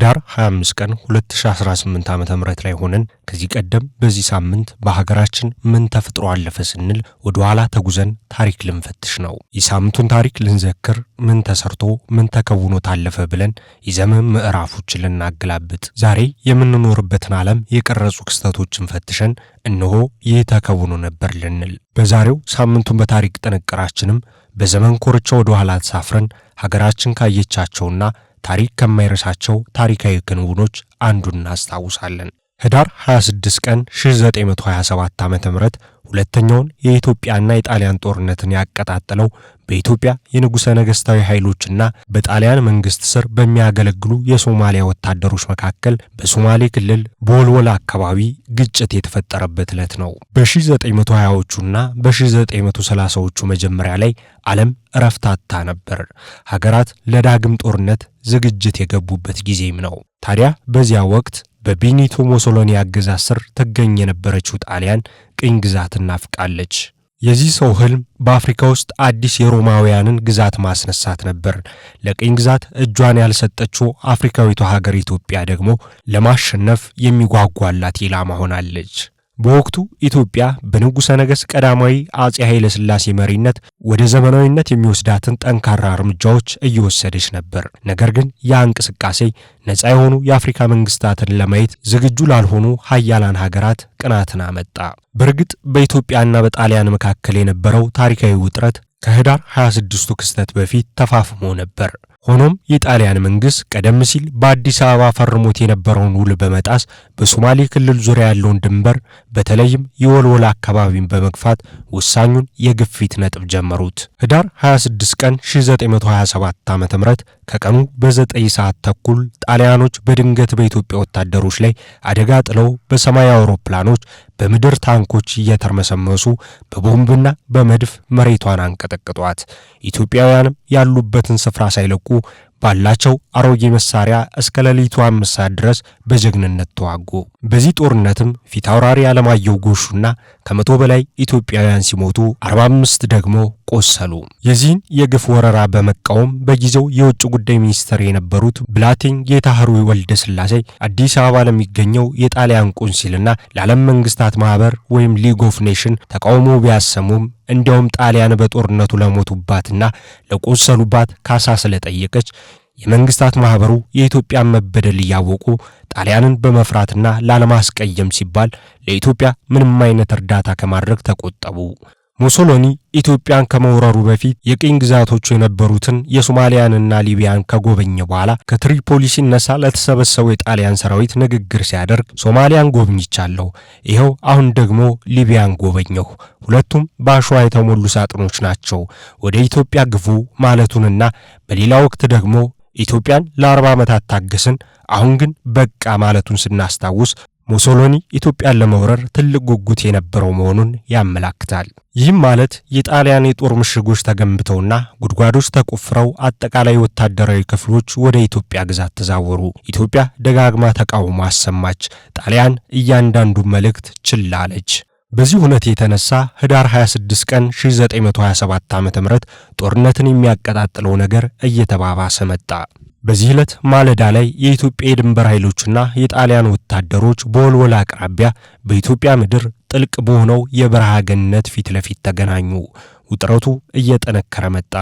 ህዳር 25 ቀን 2018 ዓ.ም ላይ ሆነን ከዚህ ቀደም በዚህ ሳምንት በሀገራችን ምን ተፈጥሮ አለፈ ስንል ወደ ኋላ ተጉዘን ታሪክ ልንፈትሽ ነው። የሳምንቱን ታሪክ ልንዘክር፣ ምን ተሰርቶ ምን ተከውኖ ታለፈ ብለን የዘመን ምዕራፎችን ልናገላብጥ፣ ዛሬ የምንኖርበትን ዓለም የቀረጹ ክስተቶችን ፈትሸን እነሆ ይህ ተከውኖ ነበር ልንል በዛሬው ሳምንቱን በታሪክ ጥንቅራችንም በዘመን ኮርቻ ወደ ኋላ ተሳፍረን ሀገራችን ካየቻቸውና ታሪክ ከማይረሳቸው ታሪካዊ ክንውኖች አንዱን እናስታውሳለን። ህዳር 26 ቀን 1927 ዓ.ም ሁለተኛውን የኢትዮጵያና የጣሊያን ጦርነትን ያቀጣጠለው በኢትዮጵያ የንጉሠ ነገሥታዊ ኃይሎችና በጣሊያን መንግሥት ስር በሚያገለግሉ የሶማሊያ ወታደሮች መካከል በሶማሌ ክልል በወልወላ አካባቢ ግጭት የተፈጠረበት ዕለት ነው። በ1920ዎቹና በ1930ዎቹ መጀመሪያ ላይ ዓለም እረፍታታ ነበር። ሀገራት ለዳግም ጦርነት ዝግጅት የገቡበት ጊዜም ነው። ታዲያ በዚያ ወቅት በቢኒቶ ሞሶሎኒ አገዛዝ ስር ትገኝ የነበረችው ጣሊያን ቅኝ ግዛት እናፍቃለች። የዚህ ሰው ህልም በአፍሪካ ውስጥ አዲስ የሮማውያንን ግዛት ማስነሳት ነበር። ለቅኝ ግዛት እጇን ያልሰጠችው አፍሪካዊቷ ሀገር ኢትዮጵያ ደግሞ ለማሸነፍ የሚጓጓላት ኢላማ ሆናለች። በወቅቱ ኢትዮጵያ በንጉሠ ነገሥት ቀዳማዊ አጼ ኃይለ ሥላሴ መሪነት ወደ ዘመናዊነት የሚወስዳትን ጠንካራ እርምጃዎች እየወሰደች ነበር። ነገር ግን ያ እንቅስቃሴ ነፃ የሆኑ የአፍሪካ መንግስታትን ለማየት ዝግጁ ላልሆኑ ሀያላን ሀገራት ቅናትን አመጣ። በእርግጥ በኢትዮጵያና በጣሊያን መካከል የነበረው ታሪካዊ ውጥረት ከህዳር 26ቱ ክስተት በፊት ተፋፍሞ ነበር። ሆኖም የጣሊያን መንግስት ቀደም ሲል በአዲስ አበባ ፈርሞት የነበረውን ውል በመጣስ በሶማሌ ክልል ዙሪያ ያለውን ድንበር በተለይም የወልወል አካባቢን በመግፋት ወሳኙን የግፊት ነጥብ ጀመሩት። ህዳር 26 ቀን 1927 .ም ከቀኑ በ በ9 ሰዓት ተኩል ጣሊያኖች በድንገት በኢትዮጵያ ወታደሮች ላይ አደጋ ጥለው በሰማይ አውሮፕላኖች በምድር ታንኮች እየተርመሰመሱ በቦምብና በመድፍ መሬቷን አንቀጠቅጧት። ኢትዮጵያውያንም ያሉበትን ስፍራ ሳይለቁ ባላቸው አሮጌ መሳሪያ እስከ ሌሊቱ አምስት ሰዓት ድረስ በጀግንነት ተዋጉ። በዚህ ጦርነትም ፊት አውራሪ አለማየሁ ጎሹና ከመቶ በላይ ኢትዮጵያውያን ሲሞቱ 45 ደግሞ ቆሰሉ። የዚህን የግፍ ወረራ በመቃወም በጊዜው የውጭ ጉዳይ ሚኒስትር የነበሩት ብላቴን ጌታህሩ ወልደ ስላሴ አዲስ አበባ ለሚገኘው የጣሊያን ቆንሲልና ለዓለም መንግስታት ማህበር ወይም ሊግ ኦፍ ኔሽን ተቃውሞ ቢያሰሙም እንዲያውም ጣሊያን በጦርነቱ ለሞቱባትና ለቆሰሉባት ካሳ ስለጠየቀች የመንግስታት ማህበሩ የኢትዮጵያን መበደል እያወቁ ጣሊያንን በመፍራትና ላለማስቀየም ሲባል ለኢትዮጵያ ምንም አይነት እርዳታ ከማድረግ ተቆጠቡ። ሙሶሎኒ ኢትዮጵያን ከመውረሩ በፊት የቅኝ ግዛቶቹ የነበሩትን የሶማሊያንና ሊቢያን ከጎበኘ በኋላ ከትሪፖሊ ሲነሳ ለተሰበሰበው የጣሊያን ሰራዊት ንግግር ሲያደርግ ሶማሊያን ጎብኝቻለሁ፣ ይኸው አሁን ደግሞ ሊቢያን ጎበኘሁ፣ ሁለቱም በአሸዋ የተሞሉ ሳጥኖች ናቸው፣ ወደ ኢትዮጵያ ግፉ ማለቱንና በሌላ ወቅት ደግሞ ኢትዮጵያን ለአርባ ዓመታት ታገስን፣ አሁን ግን በቃ ማለቱን ስናስታውስ ሙሶሎኒ ኢትዮጵያን ለመውረር ትልቅ ጉጉት የነበረው መሆኑን ያመላክታል። ይህም ማለት የጣሊያን የጦር ምሽጎች ተገንብተውና ጉድጓዶች ተቆፍረው አጠቃላይ ወታደራዊ ክፍሎች ወደ ኢትዮጵያ ግዛት ተዛወሩ። ኢትዮጵያ ደጋግማ ተቃውሞ አሰማች። ጣሊያን እያንዳንዱን መልእክት ችላ አለች። በዚህ ሁነት የተነሳ ህዳር 26 ቀን 1927 ዓ.ም ጦርነትን የሚያቀጣጥለው ነገር እየተባባሰ መጣ። በዚህ ዕለት ማለዳ ላይ የኢትዮጵያ የድንበር ኃይሎችና የጣሊያን ወታደሮች በወልወል አቅራቢያ በኢትዮጵያ ምድር ጥልቅ በሆነው የበረሃ ገነት ፊት ለፊት ተገናኙ። ውጥረቱ እየጠነከረ መጣ።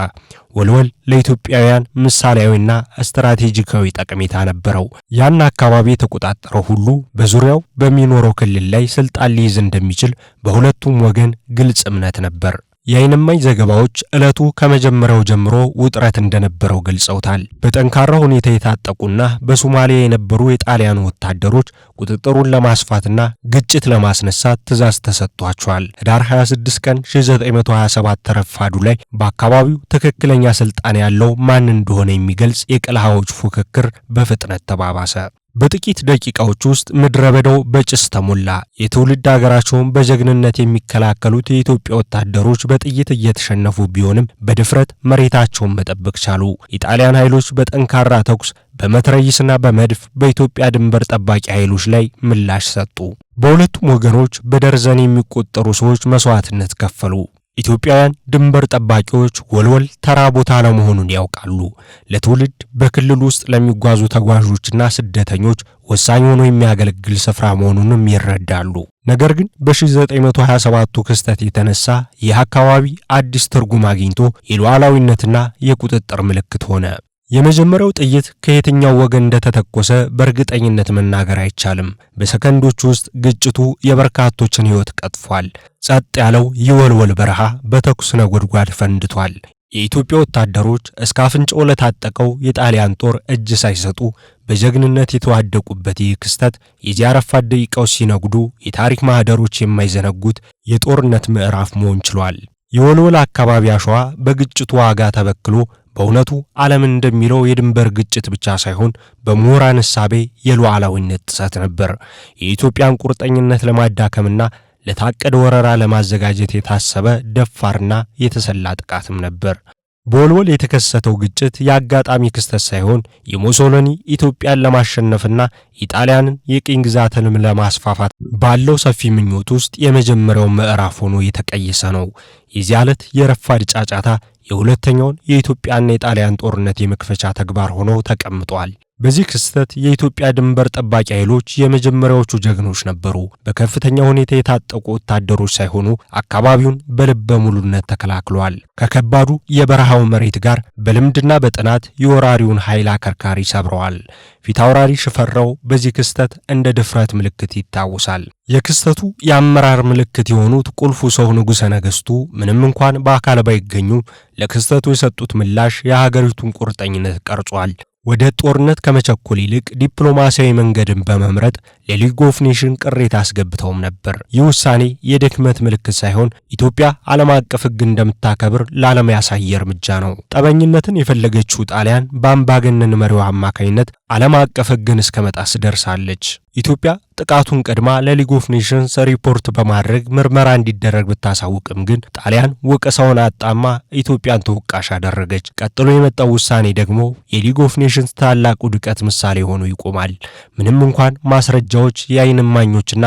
ወልወል ለኢትዮጵያውያን ምሳሌያዊና ስትራቴጂካዊ ጠቀሜታ ነበረው። ያን አካባቢ የተቆጣጠረው ሁሉ በዙሪያው በሚኖረው ክልል ላይ ስልጣን ሊይዝ እንደሚችል በሁለቱም ወገን ግልጽ እምነት ነበር። የአይንማኝ ዘገባዎች ዕለቱ ከመጀመሪያው ጀምሮ ውጥረት እንደነበረው ገልጸውታል። በጠንካራ ሁኔታ የታጠቁና በሶማሊያ የነበሩ የጣሊያኑ ወታደሮች ቁጥጥሩን ለማስፋትና ግጭት ለማስነሳት ትዕዛዝ ተሰጥቷቸዋል። ህዳር 26 ቀን 1927 ረፋዱ ላይ በአካባቢው ትክክለኛ ስልጣን ያለው ማን እንደሆነ የሚገልጽ የቅልሃዎች ፉክክር በፍጥነት ተባባሰ። በጥቂት ደቂቃዎች ውስጥ ምድረ በዳው በጭስ ተሞላ። የትውልድ ሀገራቸውን በጀግንነት የሚከላከሉት የኢትዮጵያ ወታደሮች በጥይት እየተሸነፉ ቢሆንም በድፍረት መሬታቸውን መጠበቅ ቻሉ። ኢጣሊያን ኃይሎች በጠንካራ ተኩስ በመትረይስና በመድፍ በኢትዮጵያ ድንበር ጠባቂ ኃይሎች ላይ ምላሽ ሰጡ። በሁለቱም ወገኖች በደርዘን የሚቆጠሩ ሰዎች መስዋዕትነት ከፈሉ። ኢትዮጵያውያን ድንበር ጠባቂዎች ወልወል ተራ ቦታ አለመሆኑን ያውቃሉ። ለትውልድ በክልል ውስጥ ለሚጓዙ ተጓዦችና ስደተኞች ወሳኝ ሆኖ የሚያገለግል ስፍራ መሆኑንም ይረዳሉ። ነገር ግን በ 1927 ክስተት የተነሳ ይህ አካባቢ አዲስ ትርጉም አግኝቶ የሉዓላዊነትና የቁጥጥር ምልክት ሆነ። የመጀመሪያው ጥይት ከየትኛው ወገን እንደተተኮሰ በእርግጠኝነት መናገር አይቻልም። በሰከንዶች ውስጥ ግጭቱ የበርካቶችን ሕይወት ቀጥፏል። ጸጥ ያለው የወልወል በረሃ በተኩስ ነጎድጓድ ፈንድቷል። የኢትዮጵያ ወታደሮች እስከ አፍንጫው ለታጠቀው የጣሊያን ጦር እጅ ሳይሰጡ በጀግንነት የተዋደቁበት ይህ ክስተት የዚህ አረፋት ደቂቃዎች ሲነጉዱ የታሪክ ማህደሮች የማይዘነጉት የጦርነት ምዕራፍ መሆን ችሏል። የወልወል አካባቢ አሸዋ በግጭቱ ዋጋ ተበክሎ በእውነቱ ዓለምን እንደሚለው የድንበር ግጭት ብቻ ሳይሆን በምሁራን እሳቤ የሉዓላዊነት ጥሰት ነበር። የኢትዮጵያን ቁርጠኝነት ለማዳከምና ለታቀደ ወረራ ለማዘጋጀት የታሰበ ደፋርና የተሰላ ጥቃትም ነበር። በወልወል የተከሰተው ግጭት የአጋጣሚ ክስተት ሳይሆን የሞሶሎኒ ኢትዮጵያን ለማሸነፍና ኢጣሊያንን የቅኝ ግዛትንም ለማስፋፋት ባለው ሰፊ ምኞት ውስጥ የመጀመሪያው ምዕራፍ ሆኖ የተቀየሰ ነው። የዚህ ዕለት የረፋድ ጫጫታ የሁለተኛውን የኢትዮጵያና የጣሊያን ጦርነት የመክፈቻ ተግባር ሆኖ ተቀምጧል። በዚህ ክስተት የኢትዮጵያ ድንበር ጠባቂ ኃይሎች የመጀመሪያዎቹ ጀግኖች ነበሩ። በከፍተኛ ሁኔታ የታጠቁ ወታደሮች ሳይሆኑ አካባቢውን በልበ ሙሉነት ተከላክለዋል። ከከባዱ የበረሃው መሬት ጋር በልምድና በጥናት የወራሪውን ኃይል አከርካሪ ሰብረዋል። ፊታውራሪ ሽፈራው በዚህ ክስተት እንደ ድፍረት ምልክት ይታወሳል። የክስተቱ የአመራር ምልክት የሆኑት ቁልፉ ሰው ንጉሠ ነገሥቱ ምንም እንኳን በአካል ባይገኙ ለክስተቱ የሰጡት ምላሽ የሀገሪቱን ቁርጠኝነት ቀርጿል። ወደ ጦርነት ከመቸኮል ይልቅ ዲፕሎማሲያዊ መንገድን በመምረጥ የሊግ ኦፍ ኔሽን ቅሬታ አስገብተውም ነበር። ይህ ውሳኔ የድክመት ምልክት ሳይሆን ኢትዮጵያ ዓለም አቀፍ ሕግ እንደምታከብር ለዓለም ያሳየ እርምጃ ነው። ጠበኝነትን የፈለገችው ጣሊያን በአምባገነን መሪዋ አማካኝነት ዓለም አቀፍ ሕግን እስከ መጣስ ደርሳለች። ኢትዮጵያ ጥቃቱን ቀድማ ለሊግ ኦፍ ኔሽንስ ሪፖርት በማድረግ ምርመራ እንዲደረግ ብታሳውቅም ግን ጣሊያን ወቀሳውን አጣማ ኢትዮጵያን ተወቃሽ አደረገች። ቀጥሎ የመጣው ውሳኔ ደግሞ የሊግ ኦፍ ኔሽንስ ታላቁ ድቀት ምሳሌ ሆኖ ይቆማል። ምንም እንኳን ማስረጃ ሰዎች፣ የዓይን እማኞችና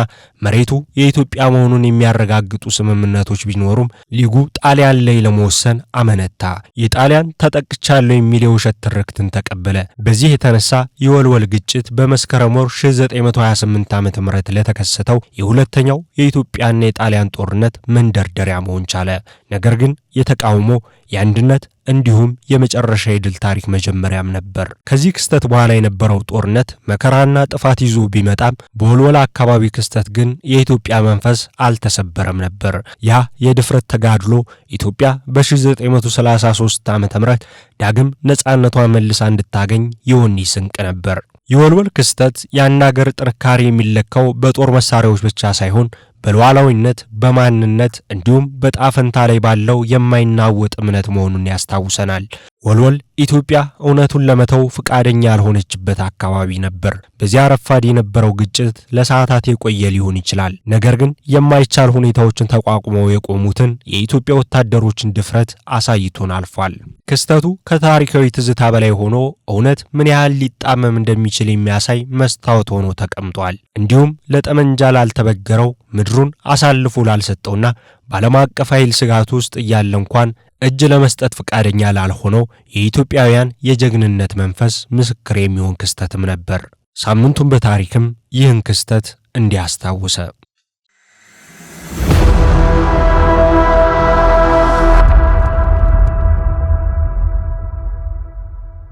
መሬቱ የኢትዮጵያ መሆኑን የሚያረጋግጡ ስምምነቶች ቢኖሩም ሊጉ ጣሊያን ላይ ለመወሰን አመነታ። የጣሊያን ተጠቅቻለሁ የሚል የውሸት ትርክትን ተቀበለ። በዚህ የተነሳ የወልወል ግጭት በመስከረም ወር 1928 ዓ.ም ለተከሰተው የሁለተኛው የኢትዮጵያና የጣሊያን ጦርነት መንደርደሪያ መሆን ቻለ። ነገር ግን የተቃውሞ የአንድነት እንዲሁም የመጨረሻ የድል ታሪክ መጀመሪያም ነበር። ከዚህ ክስተት በኋላ የነበረው ጦርነት መከራና ጥፋት ይዞ ቢመጣም በወልወላ አካባቢ ክስተት ግን የኢትዮጵያ መንፈስ አልተሰበረም ነበር። ያ የድፍረት ተጋድሎ ኢትዮጵያ በ1933 ዓ ም ዳግም ነፃነቷን መልሳ እንድታገኝ የወኔ ስንቅ ነበር። የወልወል ክስተት ያን አገር ጥንካሬ የሚለካው በጦር መሳሪያዎች ብቻ ሳይሆን በሉዓላዊነት በማንነት እንዲሁም በጣፈንታ ላይ ባለው የማይናወጥ እምነት መሆኑን ያስታውሰናል። ወልወል ኢትዮጵያ እውነቱን ለመተው ፍቃደኛ ያልሆነችበት አካባቢ ነበር። በዚያ ረፋድ የነበረው ግጭት ለሰዓታት የቆየ ሊሆን ይችላል። ነገር ግን የማይቻል ሁኔታዎችን ተቋቁመው የቆሙትን የኢትዮጵያ ወታደሮችን ድፍረት አሳይቶን አልፏል። ክስተቱ ከታሪካዊ ትዝታ በላይ ሆኖ እውነት ምን ያህል ሊጣመም እንደሚችል የሚያሳይ መስታወት ሆኖ ተቀምጧል። እንዲሁም ለጠመንጃ ላልተበገረው ምድሩን አሳልፎ ላልሰጠውና በዓለም አቀፍ ኃይል ስጋት ውስጥ እያለ እንኳን እጅ ለመስጠት ፈቃደኛ ላልሆነው የኢትዮጵያውያን የጀግንነት መንፈስ ምስክር የሚሆን ክስተትም ነበር። ሳምንቱን በታሪክም ይህን ክስተት እንዲያስታውሰ